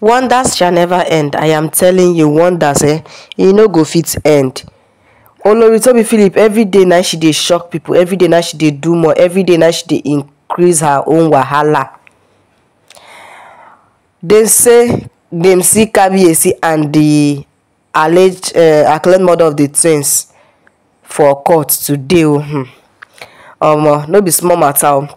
wonders shall never end i am telling you wonders eh e no go fit end olori tobi philip everyday na she dey shock pipo everyday na she dey do more everyday na she dey increase her own wahala dem say dem see kabiyesi and di alleged uh, acclaimed mother of the twins for court today o oh, hmm. um, no be small matter o. Oh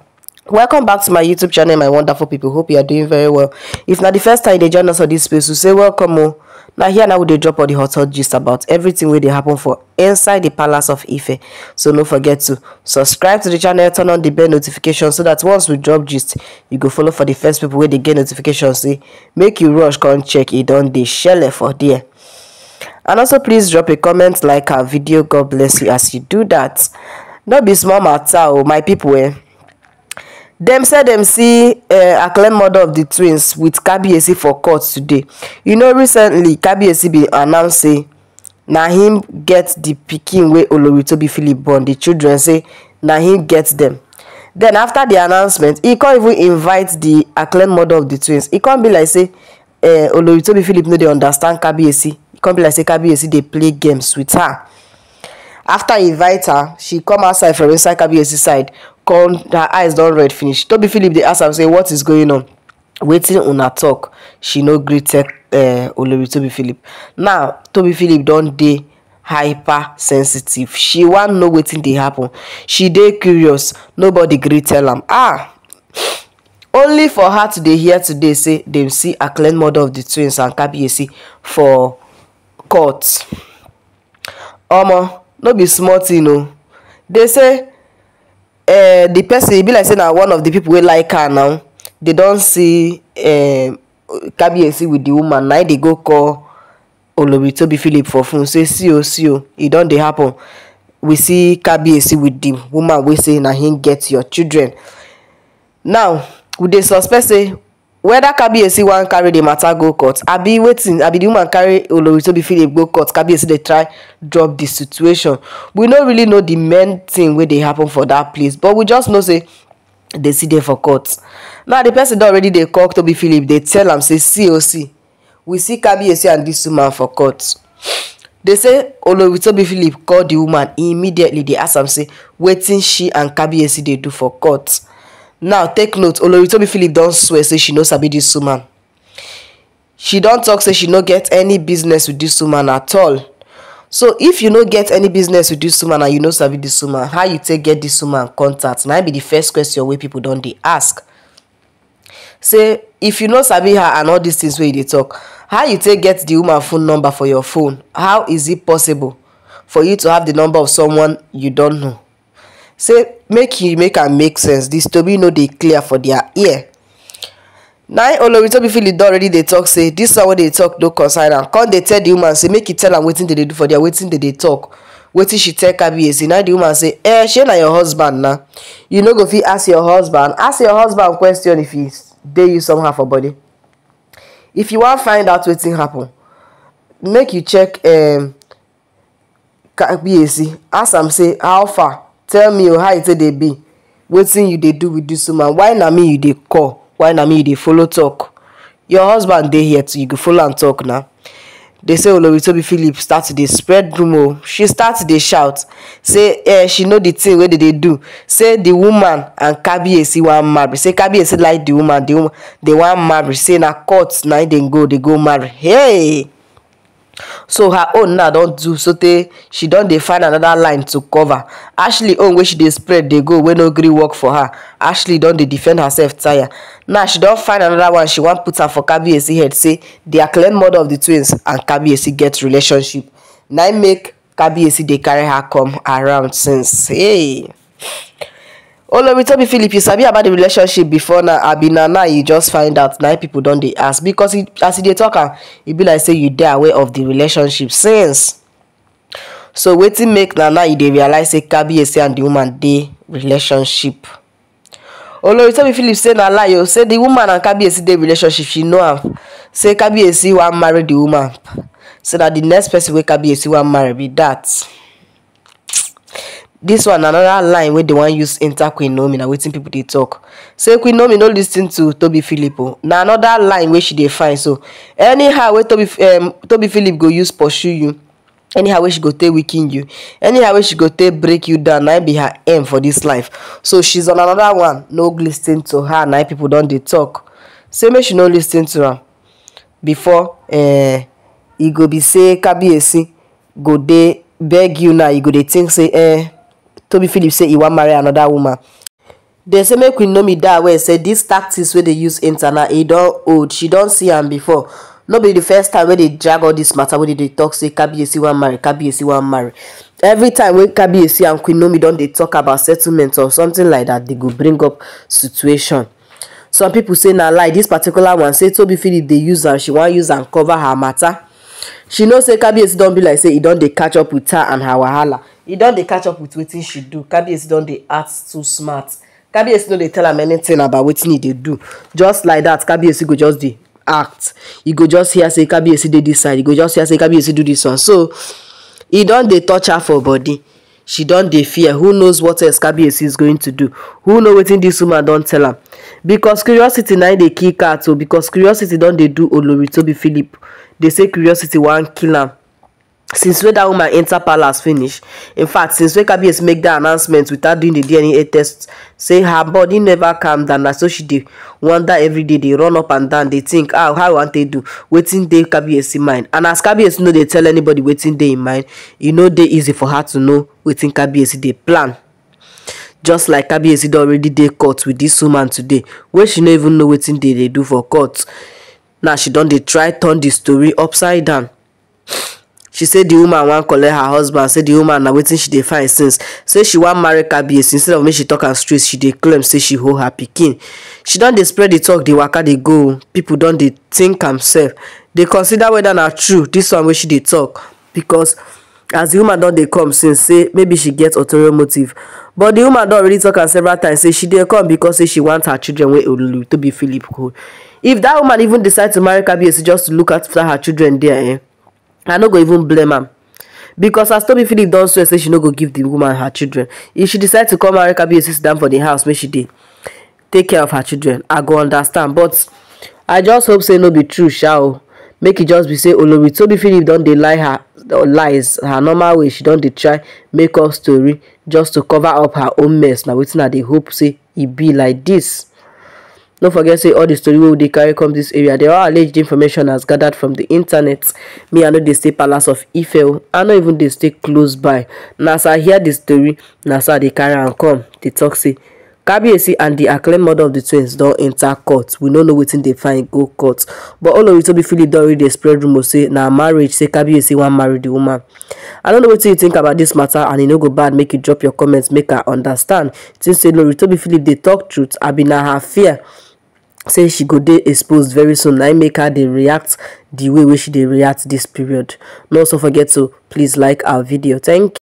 welcome back to my youtube channel my wonderful people hope you are doing very well if not the first time they join us on this space we say welcome oh. Now here now we dey drop all the hot hot gist about everything where they happen for inside the palace of ife so don't forget to subscribe to the channel turn on the bell notification so that once we drop gist you go follow for the first people where they get notification See, eh? make you rush come check it e on the shele for there and also please drop a comment like our video god bless you as you do that. no be small matter o oh, my people. eh dem say dem see eh, akle mother of di twins wit kabiyesi for court today you know recently kabiyesi bin announce say na him get di pikin wey olori philip born di children say na him get dem den afta di announcement e con even invite di acclaimed mother of di twins e con be like say eh, olori tobi philip no dey understand kabiyesi e con be like say kabiyesi dey play games wit her after he invite her she come outside from inside kabiyesi side come her eyes don red finish Toby philip dey ask am say what is going on wetin una talk she no gree tell uh, eh, olori Toby philip now Toby philip don dey hypersensitive she wan know wetin dey happen she dey curious nobody gree tell am ah only for her to dey hear today say dem see acclaimed mother of the twins and kabiyesi for court omo no be small thing o They say um the person e be like say na one of the people wey like her now they don see um eh, kabiyesi with the woman na they go call olori tobi philip for phone say see o see o e don dey happen we see kabiyesi with the woman wey say na him get your children now we dey suspect say whether kabiyesi wan carry the matter go court abi wetin abi the woman carry olori tobi philip go court kabiyesi dey try drop the situation we no really know the main thing wey dey happen for that place but we just know say dey still dey for court now the person don already dey call tobi philip dey tell am say coc we see kabiyesi and dis woman for court dey say olori tobi philip call di woman immediately dey ask am say wetin she and kabiyesi dey do for court now take note oloritobi philip don swear say she no sabi dis woman she don talk, say she no get any business with dis woman at all so if you no get any business with dis woman and you no sabi dis woman how you take get dis woman contact na be the first question wey pipo don dey ask say if you no sabi her and all these things wey you dey talk how you take get the woman phone number for your phone how is it possible for you to have the number of someone you don know say make you make am make sense dis tori no dey clear for dia ear na im oloritobi philip don already dey tok say dis one wey dey tok no concern am come dey tell di woman say make you tell am wetin dey dey do for dia wetin dey dey tok wetin she tell kabiyesi na di woman say eh shey na your husband na you no go fit ask your husband ask your husband question if e dey you somehow for body if you wan find out wetin happen make you check um kabiyesi ask am say how far tell me o oh, how e take dey be wetin you dey do with dis woman why na me you dey call why na me you dey follow talk your husband dey here too you go follow am talk na They say oloritobi philip start to dey spread rumor. she start to dey shout say eh she know the thing wey dey dey do say the woman and kabiyesi wan marry say kabiyesi like the woman They woman dey wan marry say na court na im go dey go marry hey so her own now don do so sotey she don dey find another line to cover ashley own wey she dey spread dey go wey no gree work for her ashley don dey defend herself tire now she don find another one she wan put her for kabiyesi head say di acclaimed mother of di twins and kabiyesi get relationship na im make kabiyesi dey carry her come around since. Hey. Olori oloritobi philip you sabi about the relationship before abi na now you just find out na People don dey ask becos as e dey tok am e be like say you dey aware of the relationship since so wetin make na now you dey realise say kabiyesi and the woman dey relationship Olori oloritobi philip say na lie o oh, say the woman and kabiyesi dey relationship she know am say kabiyesi wan marry the woman say na the next person wey kabiyesi wan marry be that. This one another line wey dem wan use enta queen Nomi na wetin pipo dey talk. say queen Nomi no lis ten to toby philip o oh. na anoda line wey she dey find so anyhow wey toby um, Toby philip go use pursue you anyhow wey she go take weaken you anyhow wey she go take break you down na be her aim for this life so she's on another one no lis ten to her na pipo don dey talk. say make she no lis ten to am before eh, e go be say kabiyesi go dey beg you now you go dey think say eh toby phillips say he wan marry another woman They say make we know me that way. say this tactics where they use enter He don't, old she don't see him before no be di first time where they drag all this matter where they talk tok say kabiyesi wan marry kabiyesi wan marry every time wey kabiyesi and queen nomi don't they talk about settlement or something like that? They go bring up situation some people say na like this particular one say Toby philip they use am she wan use and cover her matter. she know say kabiyesi don't be like say he don't they catch up with her and her wahala e don dey catch up with wetin she do kabiyesi don dey act too smart kabiyesi no dey tell am anything about wetin e dey do just like that kabiyesi go just dey act you go just hear say kabiyesi dey this side you go just hear say kabiyesi do this one so e don dey touch her for body she don dey fear who knows what else kabiyesi is going to do who know wetin this woman don tell am because curiosity na dey kill cat o oh. because curiosity don dey do olori tobi philip dey say curiosity wan kill am since when that woman enter palace finish in fact since when KBS make that announcement without doing the dna test say her body never calm down na so she dey wonder every day dey run up and down dey think how ah, how i wan take do wetin dey kabiyesi mind and as KBS no dey tell anybody wetin dey im mind e no dey easy for her to know wetin kabiyesi dey plan just like KBS don already dey court with dis woman today wey she no even know wetin dey dey do for court now she don dey try turn di story upside down she say the woman wan collect her husband say the woman na wetin she dey find since say she wan marry kabiyesi instead of make she talk am straight she dey claim say she hold her pikin she don dey spread the talk dey waka dey go People don dey think am sef dey consider whether na true this one wey she dey talk because as the woman don dey come since say maybe she get ulterior motive but the woman don already talk am several times say she dey come because say she want her children wey olulu be philip hold if that woman even decide to marry kabiyesi just to look after her children there eh i no go even blame am because as tobi philip don swear say she no go give the woman her children if she decide to come marry kabir sit down for the house make she dey take care of her children i go understand but i just hope say no be true Shall make it e just be say olori tobi philip don dey lie her lies her normal way she don dey try make up story just to cover up her own mess Now wetin i dey hope say e be like this no forget say all the story wey we dey carry come dis area dey all alleged information as gathered from the internet me i no dey stay palace of ife i no even dey stay close by na as i hear the story na as i dey carry am come dey talk say kabiyesi and di acclaimed mother of di twins don enta court we no know wetin dey find go court but olori philip don already dey spread rumour say na marriage say kabiyesi wan marry di woman i no know wetin you think about dis matter and e no go bad make you drop your comment make i understand since say olori philip dey talk truth abi na her fear say she go dey exposed very soon na make her dey react the way wey she dey react this period no also forget to please like our video thank